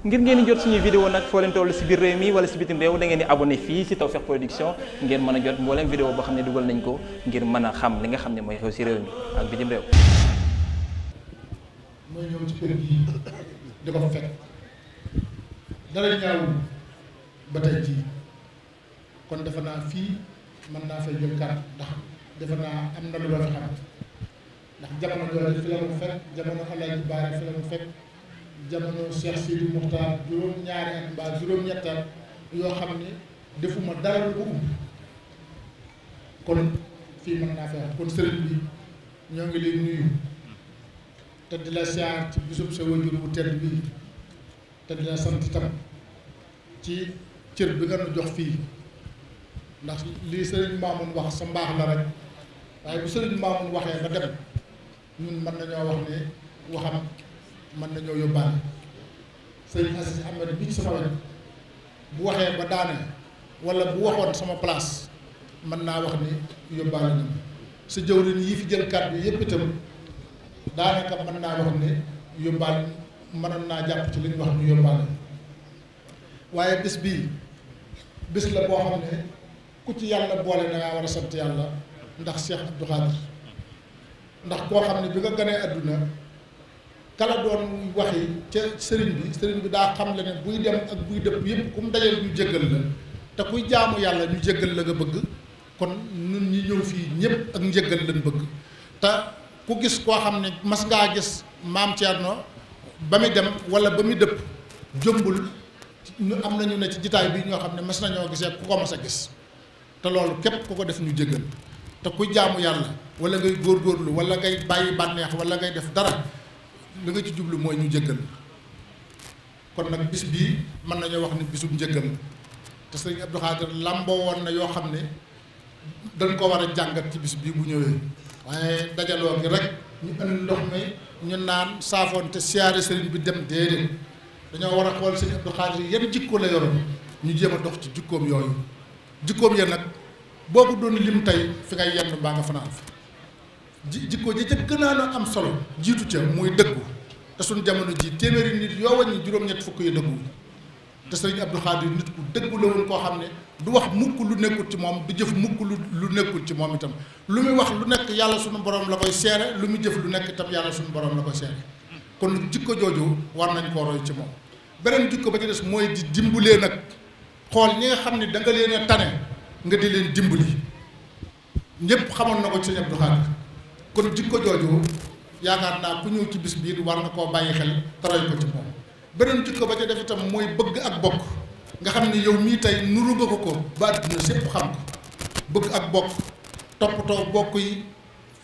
ngir ngeen di jot suñuy vidéo nag foo leen toll si biir réew mi wala si bitim réew da ngeen di abonné fii si Tawfekh Production ngeen mën a jot mbooleem vidéo boo xam ne dugal nañ ko ngir mën a xam li nga xam ne mooy xew si réew mi ak bitim réew mooy ñëw ci béréb yi di ko fa fekk dara ñaawul ba tey jii kon defe naa fii mën naa fay jël kàddu ndax defe naa am na lu war a xam ndax jamono jooju fi la mu fekk jamono xalaat ji baare fi la fekk jamono Cheikh Sidi Moukhtar juróom-ñaari juróom-ñetti yoo xam ni defuma dara lu ko umb kon fii mën naa fexe kon sëriñ bi ñoo ngi leen nuyu te di la siyaar ci bisub sa wajur bu tedd bi te di la sant tam ci cër bi nga jox fii ndax li sëriñ Maamun wax sa mbaax la rek waaye bu sëriñ Maamun waxee ba dem ñun mën nañoo wax ne waxam mën nañoo yóbbaale sëriñ Aziz Ahmed bi ci sama wet bu waxee ba daane wala bu waxoon sama place mën naa wax ni yóbbaale na jëw jëwriñ yi fi jël bi yëpp itam daanaka mën naa wax ni yóbbaale mënoon naa jàpp ci li ñu wax ñu yóbbaale waaye bis bii bis la boo xam ne ku ci yàlla boole da war a sant yàlla ndax seet Abdou Khadir ndax koo xam ne bi nga ganee àdduna kala doon waxi ca sëriñ bi sëriñ bi daa xam la ne buy dem ak buy dëpp yépp ku mu dajal ñu jéggal la te kuy jaamu yàlla ñu jéggal la nga bëgg kon ñun ñi ñëw fii ñëpp ak njéggal lañ bëgg te ku gis koo xam ne mas gis maam Thierno ba muy dem wala ba dëpp jëmbul ñu am nañu ne ci jitaay bi ñoo xam ne mas nañoo gisee mas a gis te loolu képp ku ko def ñu jéggal te kuy jaamu yàlla wala ngay góorgóorlu wala ngay bàyyi bànneex wala ngay def dara li nga ci jublu mooy ñu jéggal kon nag bis bii mën nañoo wax ni bisub njëggal la te sëriñ Abdou làmboo woon na yoo xam ne dañ ko war a jàngat ci bis bii bu ñëwee waaye dajaloo gi rek ñu indi ndox mi ñu naan saafoon te siyaare sëriñ bi dem déedéet dañoo war a xool sëriñ Abdou Khadir yan jikko la yoroon ñu jéema dox ci jikkoom yooyu jikkoom ya nag boobu doon lim tey fi ngay yenn mbaa nga fanaan fi ji jikko ji ca naa a am solo jiitu ca muy dëggu te suñ jamono ji téeméeri nit yoo wàññi juróom-ñett fukk yu dëggu te sëriñ Abdou Khadir nit ku dëggu la woon koo xam ne du wax mukk lu nekkul ci moom du jëf mukk lu lu nekkul ci moom itam lu muy wax lu nekk yàlla suñu borom la koy seere lu mu jëf lu nekk itam yàlla suñu borom la koy seere kon jikko jooju war nañ koo roy ci moom beneen jikko ba ci des mooy di dimbalee nag xool ñi nga xam ne da nga leen tane nga di leen dimbali ñëpp xamoon na ko ci sëriñ kon jikko jooju yaakaar naa ku ñëw ci bis bii war nga koo bàyyi xel taroy ko ci moom beneen jikko ba ca def itam mooy bëgg ak bokk nga xam ni yow mii tey nuru nga ko ko ba àdduna sépp xam ko bëgg ak bokk toppatoo bokk yi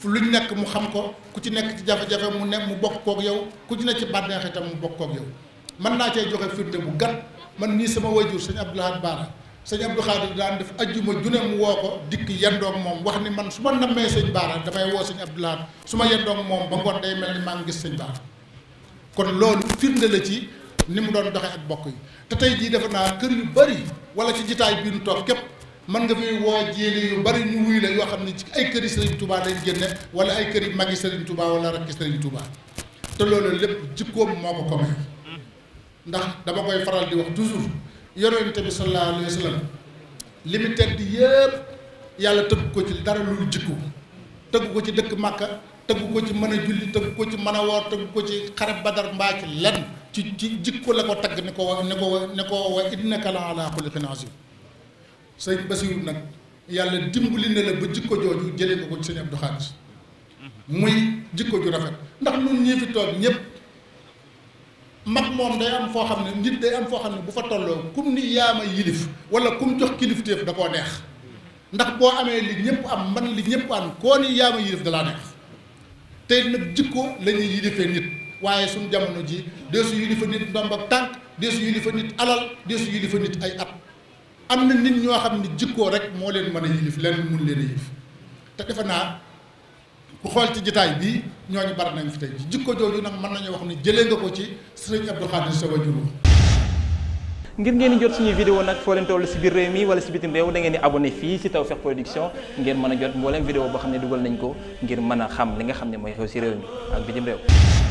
lu ñu nekk mu xam ko ku ci nekk ci jafe-jafe mu ne mu bokk kook yow ku dina ci bànneex itam mu bokk kook yow mën naa cee joxe firnde bu gàtt man nii sama wayjur sëñ Abdoulaye Baara sëñ Abdou Khadir daan def ajjuma june mu woo ko dikk yendoog moom wax ni man su ma nammee sëñ Baara damay woo sëñ Abdou Lahad su ma yendoog moom ba ngoon day mel ni maa ngi gis sëñ Baara kon loolu firnde la ci ni mu doon doxee ak bokk yi te tey jii defe naa kër yu bari wala ci jitaay bii nu toog képp mën nga fi woo jéeli yu bari ñu wuy la yoo xam ne ci ay këri Serigne Touba lañ génne wala ay këri magi Serigne Touba wala rakki Serigne Touba te loolu lépp jikkoom moo ko komee ndax dama koy faral di wax toujours yonent bi sallallahu alayhi wa sallam li mu tedd yëpp yàlla tëgg ko ci dara lu jikko tëgg ko ci dëkk Màkka tëgg ko ci mën a julli tëgg ko ci mën a woor tëgg ko ci xare Badar mbaa ci lenn ci ci jikko la ko tagg ne ko wa ni ko wa ni ko wa innaka la ala xuluqin azim sëñ Basiru nag yàlla dimbali na la ba jikko jooju jëlee ko ko ci sëñ Abdou Xaalis muy jikko ju rafet ndax ñun ñii fi toog ñëpp. mag moom day am foo xam ne nit day am foo xam ne bu fa tolloo kum ni yaama yilif wala kum jox kilifteef da koo neex ndax boo amee li ñëpp am man li ñëpp am koo ni yaama yilif da laa neex tey nag jikko la ñuy nit waaye suñu jamono ji deesu yilifa nit ndomb ak tànk deesu yilifa nit alal deesu yilifa nit ay at am na nit ñoo xam ne jikkoo rek moo leen mën a yilif leen mun leen a yilif te defe naa ku xool ci jitaay bii ñooñu bari nañ fi tey jikko jooju nag mën nañu wax ni jëlee nga ko ci sëriñ Abdou Khadir sa wajuru ngir ngeen di jot suñuy vidéo nag foo leen toll si biir réew mi wala si bitim réew da ngeen di abonné fii si Tawfekh Production ngeen mën a jot mbooleem vidéo boo xam ne dugal nañ ko ngir mën a xam li nga xam ne mooy xew si réew mi ak bitim réew